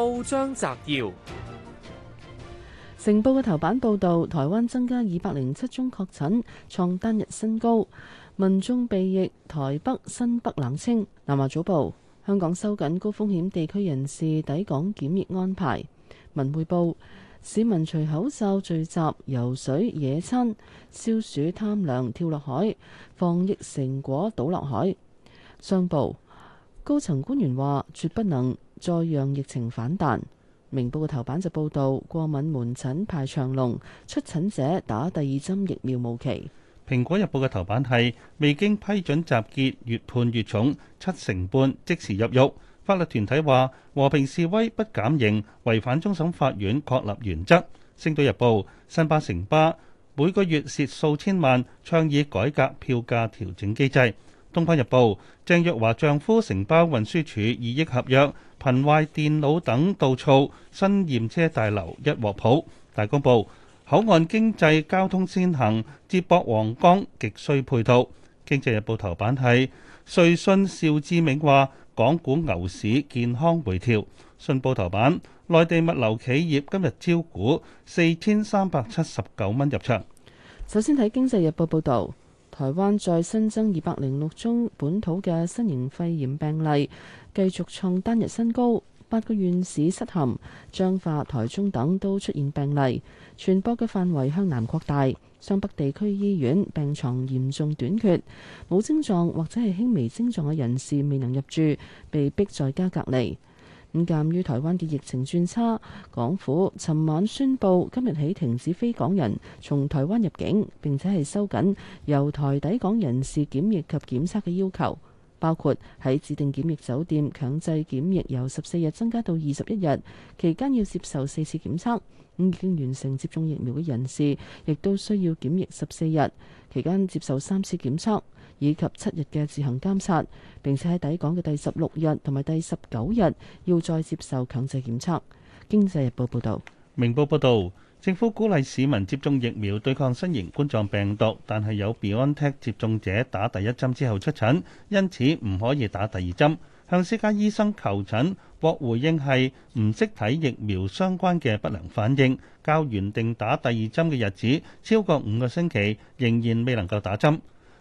報章摘要：成報嘅頭版報道，台灣增加二百零七宗確診，創單日新高。民眾避疫，台北、新北冷清。南華早報：香港收緊高風險地區人士抵港檢疫安排。文匯報：市民除口罩聚集、游水、野餐、消暑貪涼、跳落海、防疫成果倒落海。商報：高層官員話，絕不能。再讓疫情反彈，明報嘅頭版就報道過敏門診排長龍，出診者打第二針疫苗無期。《蘋果日報》嘅頭版係未經批准集結越判越重，七成半即時入獄，法律團體話和平示威不減刑，違反終審法院確立原則。星島日報，新巴城巴每個月蝕數千萬，倡議改革票價調整機制。《東方日報》鄭若驊丈夫承包運輸署二億合約，頻壞電腦等到燥，新驗車大樓一鑊泡。大公報口岸經濟交通先行，接駁皇崗極需配套。《經濟日報》頭版係瑞信邵志明話：港股牛市健康回調。《信報》頭版，內地物流企業今日招股四千三百七十九蚊入場。首先睇《經濟日報，報道》報導。台灣再新增二百零六宗本土嘅新型肺炎病例，繼續創單日新高。八個縣市失陷，彰化、台中等都出現病例，傳播嘅範圍向南擴大。雙北地區醫院病床嚴重短缺，冇症狀或者係輕微症狀嘅人士未能入住，被迫在家隔離。咁鑒於台灣嘅疫情轉差，港府尋晚宣布今日起停止非港人從台灣入境，並且係收緊由台抵港人士檢疫及檢測嘅要求，包括喺指定檢疫酒店強制檢疫由十四日增加到二十一日，期間要接受四次檢測。咁已經完成接種疫苗嘅人士，亦都需要檢疫十四日，期間接受三次檢測。以及七日嘅自行監察，並且喺抵港嘅第十六日同埋第十九日要再接受強制檢測。經濟日報報道，明報報道，政府鼓勵市民接種疫苗對抗新型冠狀病毒，但係有 BioNTech 接種者打第一針之後出診，因此唔可以打第二針。向私家醫生求診獲回應係唔識睇疫苗相關嘅不良反應，較原定打第二針嘅日子超過五個星期，仍然未能夠打針。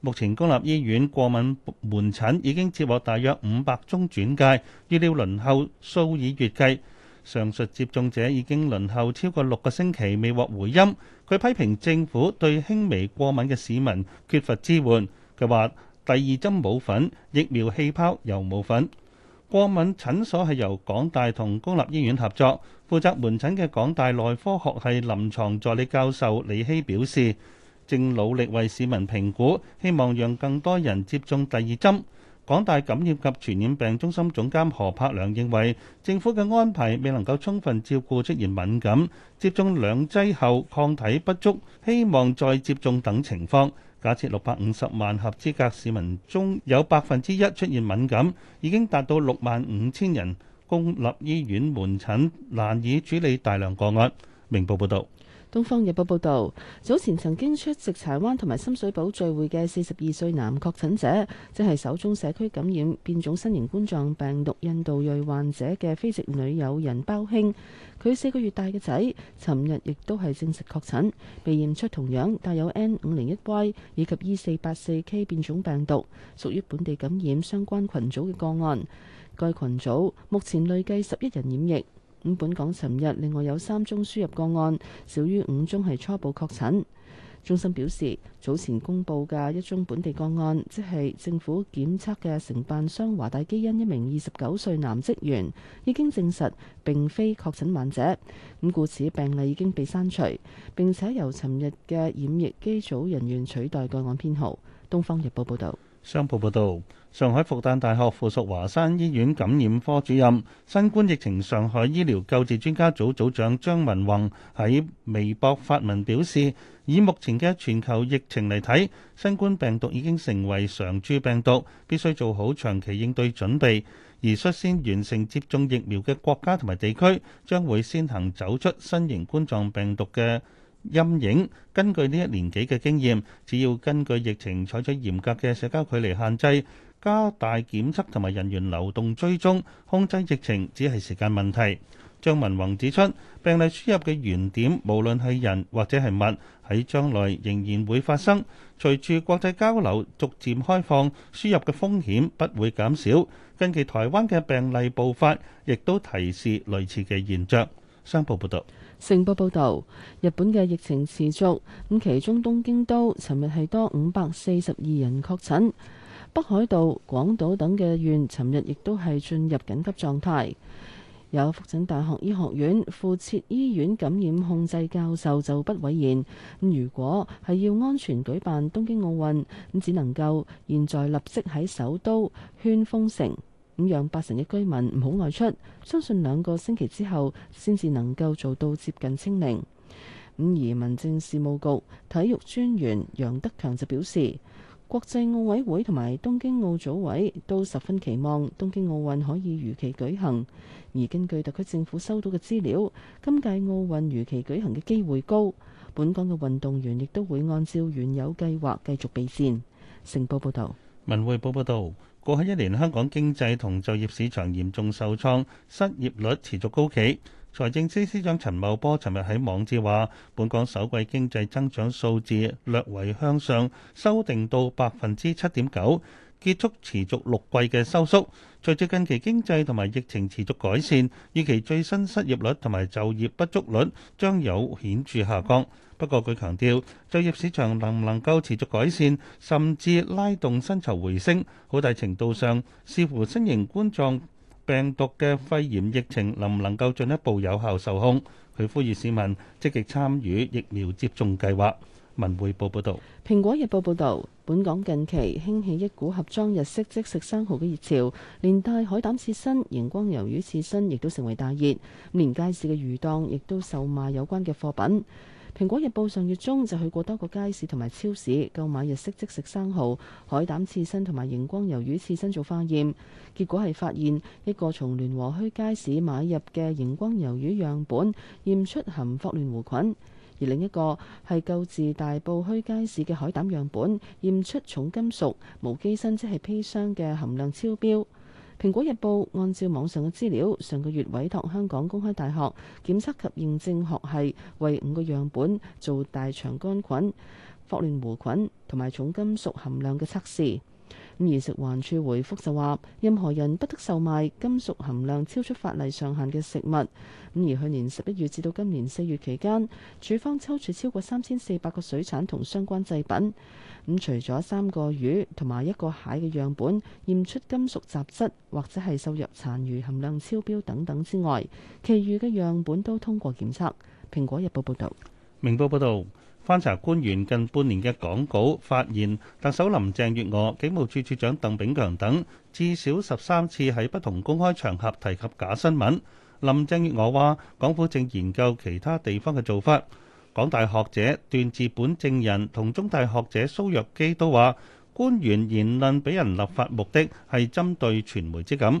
目前公立醫院過敏門診已經接獲大約五百宗轉介，預料輪候數以月計。上述接種者已經輪候超過六個星期未獲回音。佢批評政府對輕微過敏嘅市民缺乏支援。佢話：第二針冇份，疫苗氣泡又冇份。過敏診所係由港大同公立醫院合作，負責門診嘅港大內科學系臨床助理教授李希表示。正努力為市民評估，希望讓更多人接種第二針。港大感染及傳染病中心總監何柏良認為，政府嘅安排未能夠充分照顧出現敏感、接種兩劑後抗體不足、希望再接種等情況。假設六百五十萬合資格市民中有百分之一出現敏感，已經達到六萬五千人，公立醫院門診難以處理大量個案。明報報道。《東方日報》報導，早前曾經出席柴灣同埋深水埗聚會嘅四十二歲男確診者，即係首宗社區感染變種新型冠狀病毒印度裔患者嘅菲籍女友人包興，佢四個月大嘅仔，尋日亦都係正式確診，被驗出同樣帶有 N.501Y 以及 E.484K 變種病毒，屬於本地感染相關群組嘅個案。該群組目前累計十一人染疫。咁本港尋日另外有三宗輸入個案，少於五宗係初步確診。中心表示，早前公布嘅一宗本地個案，即係政府檢測嘅承辦商華大基因一名二十九歲男職員，已經證實並非確診患者，咁故此病例已經被刪除，並且由尋日嘅染疫機組人員取代個案編號。《東方日報》報道。商報報道：上海復旦大學附屬華山醫院感染科主任、新冠疫情上海醫療救治專家組組長張文宏喺微博發文表示，以目前嘅全球疫情嚟睇，新冠病毒已經成為常駐病毒，必須做好長期應對準備。而率先完成接種疫苗嘅國家同埋地區，將會先行走出新型冠狀病毒嘅陰影，根據呢一年幾嘅經驗，只要根據疫情採取嚴格嘅社交距離限制，加大檢測同埋人員流動追蹤，控制疫情只係時間問題。張文宏指出，病例輸入嘅原點，無論係人或者係物，喺將來仍然會發生。隨住國際交流逐漸開放，輸入嘅風險不會減少。近期台灣嘅病例暴發，亦都提示類似嘅現象。商報報導。成報報導，日本嘅疫情持續，咁其中東京都尋日係多五百四十二人確診，北海道、廣島等嘅縣尋日亦都係進入緊急狀態。有復診大學醫學院附設醫院感染控制教授就不諱言，咁如果係要安全舉辦東京奧運，咁只能夠現在立即喺首都圈封城。咁讓八成嘅居民唔好外出，相信兩個星期之後先至能夠做到接近清零。咁而民政事務局體育專員楊德強就表示，國際奧委會同埋東京奧組委都十分期望東京奧運可以如期舉行。而根據特區政府收到嘅資料，今屆奧運如期舉行嘅機會高，本港嘅運動員亦都會按照原有計劃繼續備戰。成報報道。文匯報報導。過去一年，香港經濟同就業市場嚴重受創，失業率持續高企。財政司司長陳茂波尋日喺網誌話：本港首季經濟增長數字略為向上，修訂到百分之七點九，結束持續六季嘅收縮。隨着近期經濟同埋疫情持續改善，預期最新失業率同埋就業不足率將有顯著下降。不過，佢強調就業市場能唔能夠持續改善，甚至拉動薪酬回升，好大程度上視乎新型冠狀病毒嘅肺炎疫情能唔能夠進一步有效受控？佢呼籲市民積極參與疫苗接種計劃。文匯報報道，蘋果日報報道，本港近期興起一股盒裝日式即食生蠔嘅熱潮，連帶海膽刺身、熒光魷魚刺身亦都成為大熱，連街市嘅魚檔亦都售賣有關嘅貨品。《蘋果日報》上月中就去過多個街市同埋超市購買日式即食生蠔、海膽刺身同埋螢光魷魚刺身做化驗，結果係發現一個從聯和墟街市買入嘅螢光魷魚樣本驗出含霍亂弧菌，而另一個係購自大埔墟街市嘅海膽樣本驗出重金屬、無機砷即係砒霜嘅含量超標。《蘋果日報》按照網上嘅資料，上個月委託香港公開大學檢測及認證學系，為五個樣本做大腸桿菌、霍亂弧菌同埋重金屬含量嘅測試。而食環署回覆就話，任何人不得售賣金屬含量超出法例上限嘅食物。咁而去年十一月至到今年四月期間，署方抽取超過三千四百個水產同相關製品。咁、嗯、除咗三個魚同埋一個蟹嘅樣本驗出金屬雜質或者係獸藥殘餘含量超標等等之外，其餘嘅樣本都通過檢測。蘋果日報報道，明報報道。翻查官員近半年嘅講稿發現，特首林鄭月娥、警務處處長鄧炳強等至少十三次喺不同公開場合提及假新聞。林鄭月娥話，港府正研究其他地方嘅做法。港大學者段志本證人同中大學者蘇若基都話，官員言論俾人立法目的係針對傳媒之感。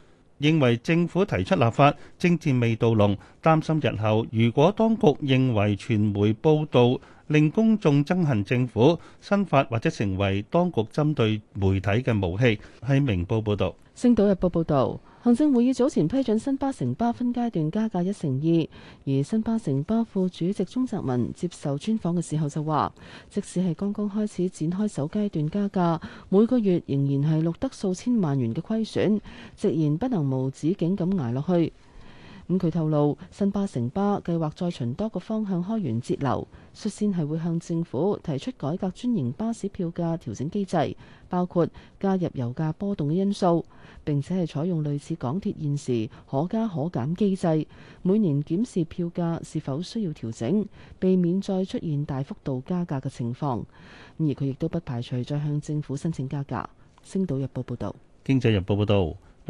認為政府提出立法，政治味道濃，擔心日後如果當局認為傳媒報道令公眾憎恨政府，新法或者成為當局針對媒體嘅武器。喺明報報道，《星島日報》報道。行政會議早前批准新巴城巴分階段加價一成二，而新巴城巴副主席鍾澤文接受專訪嘅時候就話：即使係剛剛開始展開首階段加價，每個月仍然係錄得數千萬元嘅虧損，直言不能無止境咁捱落去。咁佢透露，新巴城巴計劃再循多個方向開源節流，率先係會向政府提出改革專營巴士票價調整機制，包括加入油價波動嘅因素，並且係採用類似港鐵現時可加可減機制，每年檢視票價是否需要調整，避免再出現大幅度加價嘅情況。而佢亦都不排除再向政府申請加價。星島日報報道。經濟日報報道。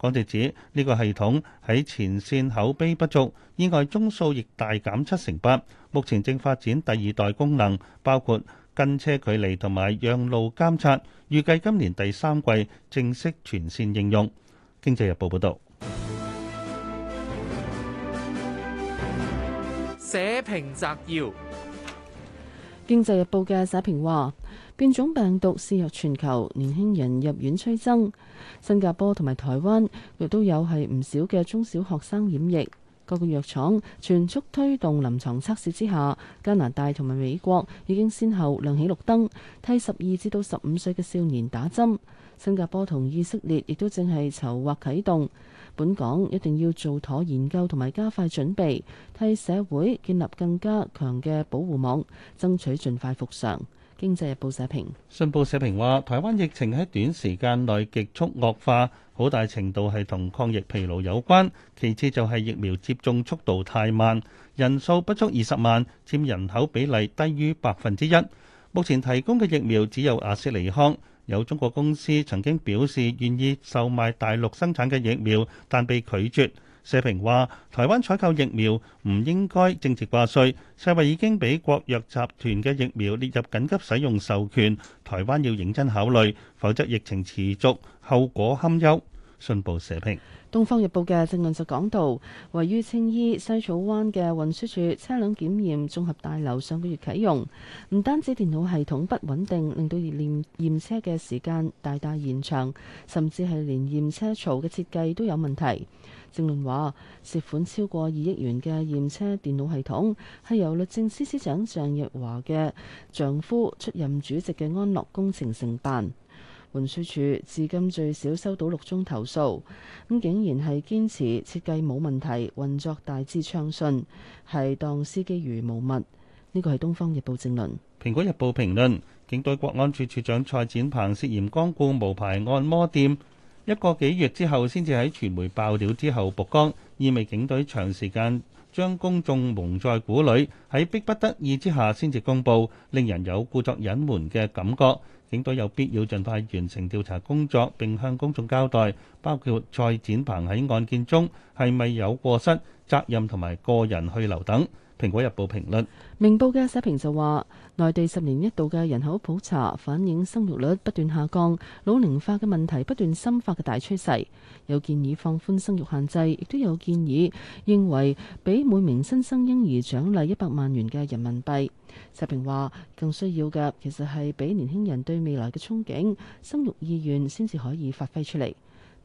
港鐵指呢個系統喺前線口碑不足，意外宗數亦大減七成八。目前正發展第二代功能，包括跟車距離同埋讓路監察。預計今年第三季正式全線應用。經濟日報報導。社評摘要，經濟日報嘅社評話。變種病毒肆虐全球，年輕人入院趨增。新加坡同埋台灣亦都有係唔少嘅中小學生染疫。各個藥廠全速推動臨牀測試之下，加拿大同埋美國已經先後亮起綠燈，替十二至到十五歲嘅少年打針。新加坡同以色列亦都正係籌劃啟動。本港一定要做妥研究同埋加快準備，替社會建立更加強嘅保護網，爭取盡快復常。《經濟日報》社評，《信報》社評話，台灣疫情喺短時間內極速惡化，好大程度係同抗疫疲勞有關。其次就係疫苗接種速度太慢，人數不足二十萬，佔人口比例低於百分之一。目前提供嘅疫苗只有阿斯利康，有中國公司曾經表示願意售賣大陸生產嘅疫苗，但被拒絕。社評話：台灣採購疫苗唔應該政治掛帥，世衛已經俾國藥集團嘅疫苗列入緊急使用授權，台灣要認真考慮，否則疫情持續，後果堪憂。信報社評。《東方日報》嘅正論就講到，位於青衣西草灣嘅運輸署車輛檢驗綜合大樓上個月啟用，唔單止電腦系統不穩定，令到驗驗車嘅時間大大延長，甚至係連驗車槽嘅設計都有問題。正論話，涉款超過二億元嘅驗車電腦系統係由律政司司長鄭若驊嘅丈夫出任主席嘅安樂工程承辦。運輸署至今最少收到六宗投訴，咁竟然係堅持設計冇問題，運作大致暢順，係當司機如無物。呢個係《東方日報》正論。《蘋果日報》評論，警隊國安處署長蔡展鵬涉嫌光顧無牌按摩店，一個幾月之後先至喺傳媒爆料之後曝光，意味警隊長時間將公眾蒙在鼓裏，喺逼不得已之下先至公佈，令人有故作隱瞞嘅感覺。警隊有必要盡快完成調查工作，並向公眾交代，包括蔡展鵬喺案件中係咪有過失、責任同埋個人去留等。《蘋果日報》評論，《明報》嘅社評就話，內地十年一度嘅人口普查反映生育率不斷下降，老年化嘅問題不斷深化嘅大趨勢。有建議放寬生育限制，亦都有建議認為俾每名新生嬰兒獎勵一百萬元嘅人民幣。社評話，更需要嘅其實係俾年輕人對未來嘅憧憬，生育意願先至可以發揮出嚟。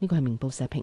呢個係《明報》社評。